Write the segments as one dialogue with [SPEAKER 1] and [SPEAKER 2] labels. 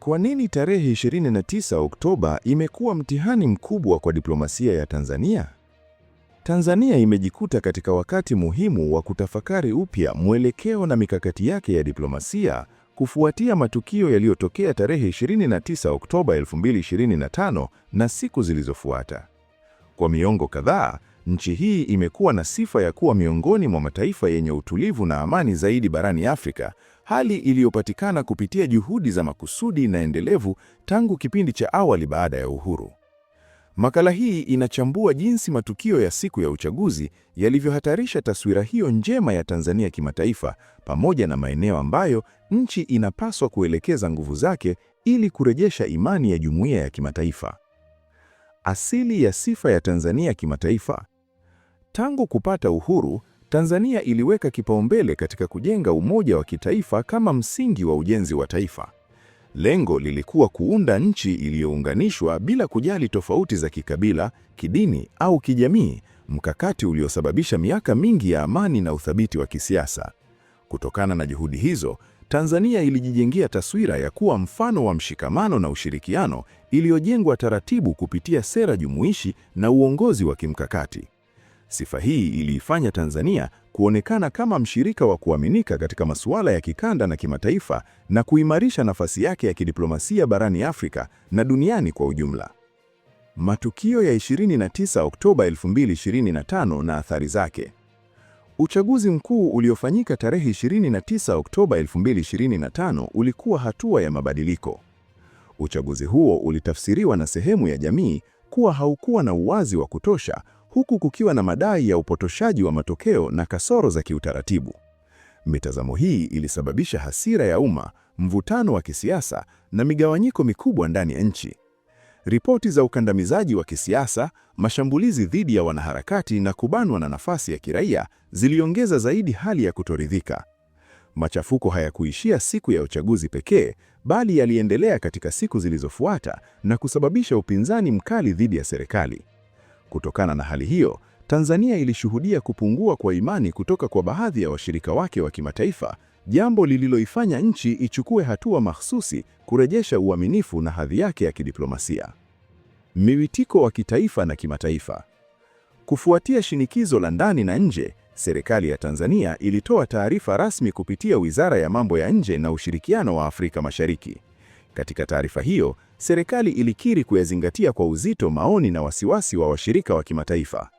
[SPEAKER 1] Kwa nini tarehe 29 Oktoba imekuwa mtihani mkubwa kwa diplomasia ya Tanzania? Tanzania imejikuta katika wakati muhimu wa kutafakari upya mwelekeo na mikakati yake ya diplomasia kufuatia matukio yaliyotokea tarehe 29 Oktoba 2025 na siku zilizofuata. Kwa miongo kadhaa, nchi hii imekuwa na sifa ya kuwa miongoni mwa mataifa yenye utulivu na amani zaidi barani Afrika, hali iliyopatikana kupitia juhudi za makusudi na endelevu tangu kipindi cha awali baada ya uhuru. Makala hii inachambua jinsi matukio ya siku ya uchaguzi yalivyohatarisha taswira hiyo njema ya Tanzania kimataifa, pamoja na maeneo ambayo nchi inapaswa kuelekeza nguvu zake ili kurejesha imani ya jumuiya ya kimataifa. Asili ya sifa ya Tanzania kimataifa. Tangu kupata uhuru, Tanzania iliweka kipaumbele katika kujenga umoja wa kitaifa kama msingi wa ujenzi wa taifa. Lengo lilikuwa kuunda nchi iliyounganishwa bila kujali tofauti za kikabila, kidini au kijamii, mkakati uliosababisha miaka mingi ya amani na uthabiti wa kisiasa. Kutokana na juhudi hizo, Tanzania ilijijengea taswira ya kuwa mfano wa mshikamano na ushirikiano iliyojengwa taratibu kupitia sera jumuishi na uongozi wa kimkakati. Sifa hii iliifanya Tanzania kuonekana kama mshirika wa kuaminika katika masuala ya kikanda na kimataifa na kuimarisha nafasi yake ya kidiplomasia barani Afrika na duniani kwa ujumla. Matukio ya 29 Oktoba 2025 na athari zake. Uchaguzi mkuu uliofanyika tarehe 29 Oktoba 2025 ulikuwa hatua ya mabadiliko. Uchaguzi huo ulitafsiriwa na sehemu ya jamii kuwa haukuwa na uwazi wa kutosha, huku kukiwa na madai ya upotoshaji wa matokeo na kasoro za kiutaratibu. Mitazamo hii ilisababisha hasira ya umma, mvutano wa kisiasa na migawanyiko mikubwa ndani ya nchi ripoti za ukandamizaji wa kisiasa, mashambulizi dhidi ya wanaharakati na kubanwa na nafasi ya kiraia ziliongeza zaidi hali ya kutoridhika. Machafuko hayakuishia siku ya uchaguzi pekee, bali yaliendelea katika siku zilizofuata na kusababisha upinzani mkali dhidi ya serikali. Kutokana na hali hiyo, Tanzania ilishuhudia kupungua kwa imani kutoka kwa baadhi ya washirika wake wa kimataifa, jambo lililoifanya nchi ichukue hatua mahsusi kurejesha uaminifu na hadhi yake ya kidiplomasia. Miwitiko wa kitaifa na kimataifa. Kufuatia shinikizo la ndani na nje, serikali ya Tanzania ilitoa taarifa rasmi kupitia Wizara ya Mambo ya Nje na Ushirikiano wa Afrika Mashariki. Katika taarifa hiyo, serikali ilikiri kuyazingatia kwa uzito maoni na wasiwasi wa washirika wa kimataifa.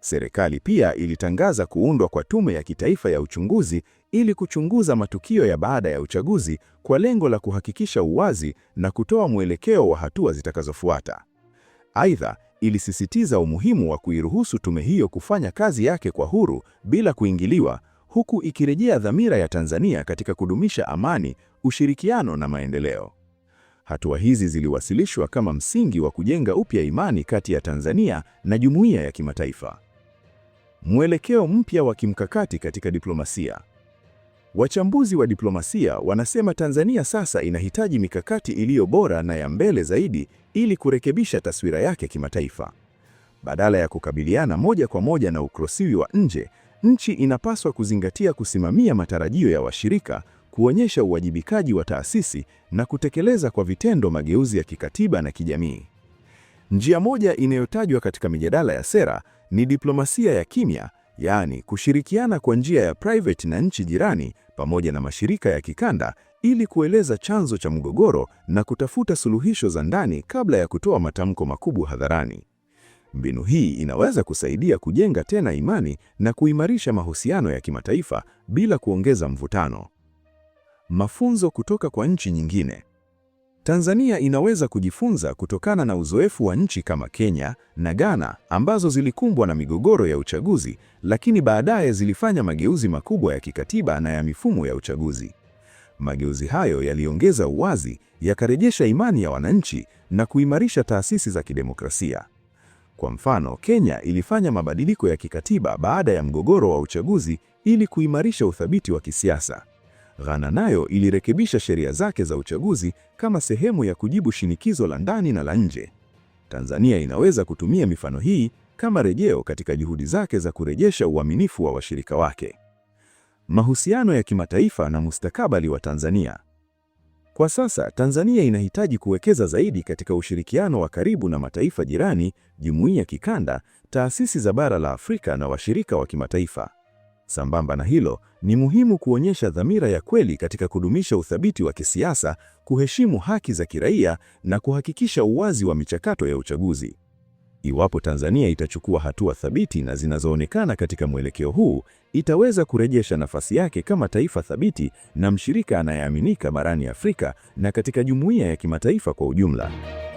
[SPEAKER 1] Serikali pia ilitangaza kuundwa kwa Tume ya Kitaifa ya Uchunguzi ili kuchunguza matukio ya baada ya uchaguzi kwa lengo la kuhakikisha uwazi na kutoa mwelekeo wa hatua zitakazofuata. Aidha, ilisisitiza umuhimu wa kuiruhusu tume hiyo kufanya kazi yake kwa huru bila kuingiliwa, huku ikirejea dhamira ya Tanzania katika kudumisha amani, ushirikiano na maendeleo. Hatua hizi ziliwasilishwa kama msingi wa kujenga upya imani kati ya Tanzania na jumuiya ya kimataifa. Mwelekeo mpya wa kimkakati katika diplomasia. Wachambuzi wa diplomasia wanasema Tanzania sasa inahitaji mikakati iliyo bora na ya mbele zaidi ili kurekebisha taswira yake kimataifa. Badala ya kukabiliana moja kwa moja na ukrosiwi wa nje, nchi inapaswa kuzingatia kusimamia matarajio ya washirika, kuonyesha uwajibikaji wa taasisi na kutekeleza kwa vitendo mageuzi ya kikatiba na kijamii. Njia moja inayotajwa katika mijadala ya sera ni diplomasia ya kimya yaani kushirikiana kwa njia ya private na nchi jirani pamoja na mashirika ya kikanda ili kueleza chanzo cha mgogoro na kutafuta suluhisho za ndani kabla ya kutoa matamko makubwa hadharani. Mbinu hii inaweza kusaidia kujenga tena imani na kuimarisha mahusiano ya kimataifa bila kuongeza mvutano. Mafunzo kutoka kwa nchi nyingine. Tanzania inaweza kujifunza kutokana na uzoefu wa nchi kama Kenya na Ghana ambazo zilikumbwa na migogoro ya uchaguzi, lakini baadaye zilifanya mageuzi makubwa ya kikatiba na ya mifumo ya uchaguzi. Mageuzi hayo yaliongeza uwazi, yakarejesha imani ya wananchi na kuimarisha taasisi za kidemokrasia. Kwa mfano, Kenya ilifanya mabadiliko ya kikatiba baada ya mgogoro wa uchaguzi ili kuimarisha uthabiti wa kisiasa. Ghana nayo ilirekebisha sheria zake za uchaguzi kama sehemu ya kujibu shinikizo la ndani na la nje. Tanzania inaweza kutumia mifano hii kama rejeo katika juhudi zake za kurejesha uaminifu wa washirika wake. Mahusiano ya kimataifa na mustakabali wa Tanzania. Kwa sasa, Tanzania inahitaji kuwekeza zaidi katika ushirikiano wa karibu na mataifa jirani, jumuiya kikanda, taasisi za bara la Afrika na washirika wa kimataifa. Sambamba na hilo, ni muhimu kuonyesha dhamira ya kweli katika kudumisha uthabiti wa kisiasa, kuheshimu haki za kiraia na kuhakikisha uwazi wa michakato ya uchaguzi. Iwapo Tanzania itachukua hatua thabiti na zinazoonekana katika mwelekeo huu, itaweza kurejesha nafasi yake kama taifa thabiti na mshirika anayeaminika barani Afrika na katika jumuiya ya kimataifa kwa ujumla.